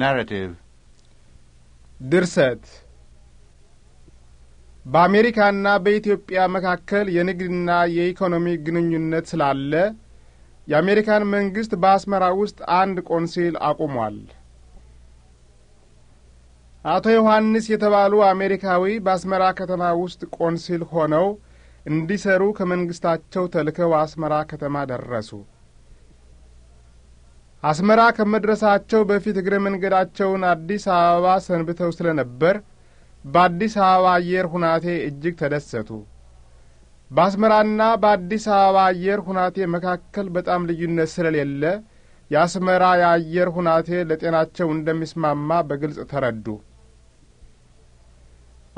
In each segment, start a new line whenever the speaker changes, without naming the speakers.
ናራቲቭ ድርሰት በአሜሪካና በኢትዮጵያ መካከል የንግድና የኢኮኖሚ ግንኙነት ስላለ የአሜሪካን መንግስት በአስመራ ውስጥ አንድ ቆንሲል አቁሟል። አቶ ዮሐንስ የተባሉ አሜሪካዊ በአስመራ ከተማ ውስጥ ቆንሲል ሆነው እንዲሰሩ ከመንግስታቸው ተልከው አስመራ ከተማ ደረሱ። አስመራ ከመድረሳቸው በፊት እግረ መንገዳቸውን አዲስ አበባ ሰንብተው ስለ ነበር በአዲስ አበባ አየር ሁናቴ እጅግ ተደሰቱ። በአስመራና በአዲስ አበባ አየር ሁናቴ መካከል በጣም ልዩነት ስለሌለ የአስመራ የአየር ሁናቴ ለጤናቸው እንደሚስማማ በግልጽ ተረዱ።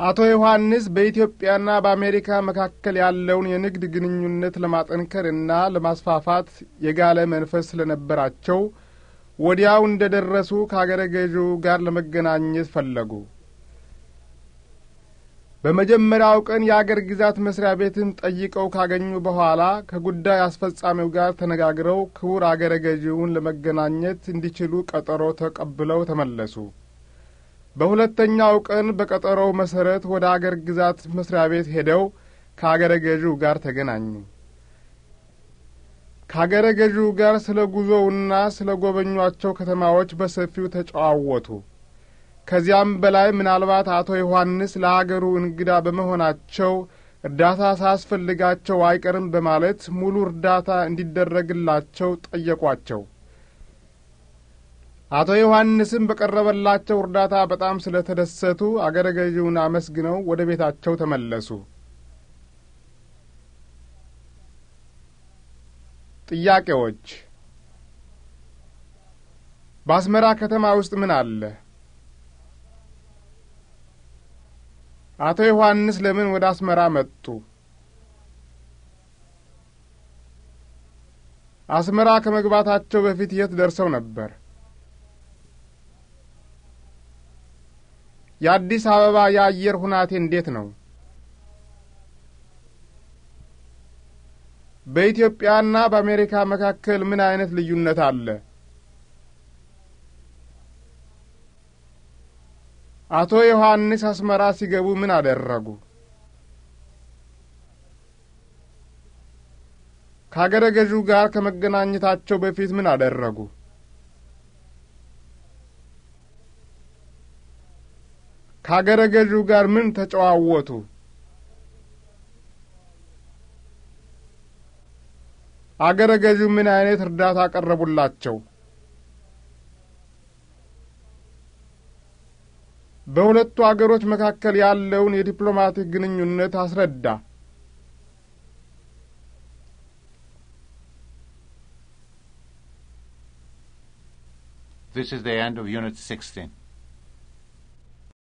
አቶ ዮሐንስ በኢትዮጵያና በአሜሪካ መካከል ያለውን የንግድ ግንኙነት ለማጠንከር እና ለማስፋፋት የጋለ መንፈስ ስለነበራቸው ወዲያው እንደ ደረሱ ከአገረ ገዢው ጋር ለመገናኘት ፈለጉ። በመጀመሪያው ቀን የአገር ግዛት መስሪያ ቤትን ጠይቀው ካገኙ በኋላ ከጉዳይ አስፈጻሚው ጋር ተነጋግረው ክቡር አገረ ገዢውን ለመገናኘት እንዲችሉ ቀጠሮ ተቀብለው ተመለሱ። በሁለተኛው ቀን በቀጠሮው መሰረት ወደ አገር ግዛት መስሪያ ቤት ሄደው ከአገረ ገዢው ጋር ተገናኙ። ከአገረ ገዢው ጋር ስለ ጉዞውና ስለ ጐበኟቸው ከተማዎች በሰፊው ተጨዋወቱ። ከዚያም በላይ ምናልባት አቶ ዮሐንስ ለአገሩ እንግዳ በመሆናቸው እርዳታ ሳያስፈልጋቸው አይቀርም በማለት ሙሉ እርዳታ እንዲደረግላቸው ጠየቋቸው። አቶ ዮሐንስም በቀረበላቸው እርዳታ በጣም ስለ ተደሰቱ አገረ ገዢውን አመስግነው ወደ ቤታቸው ተመለሱ። ጥያቄዎች በአስመራ ከተማ ውስጥ ምን አለ? አቶ ዮሐንስ ለምን ወደ አስመራ መጡ? አስመራ ከመግባታቸው በፊት የት ደርሰው ነበር? የአዲስ አበባ የአየር ሁናቴ እንዴት ነው? በኢትዮጵያና በአሜሪካ መካከል ምን አይነት ልዩነት አለ? አቶ ዮሐንስ አስመራ ሲገቡ ምን አደረጉ? ከአገረ ገዡ ጋር ከመገናኘታቸው በፊት ምን አደረጉ? ከአገረ ገዡ ጋር ምን ተጨዋወቱ? አገረ ገዢው ምን አይነት እርዳታ አቀረቡላቸው? በሁለቱ አገሮች መካከል ያለውን የዲፕሎማቲክ ግንኙነት አስረዳ። This is the end of Unit 16.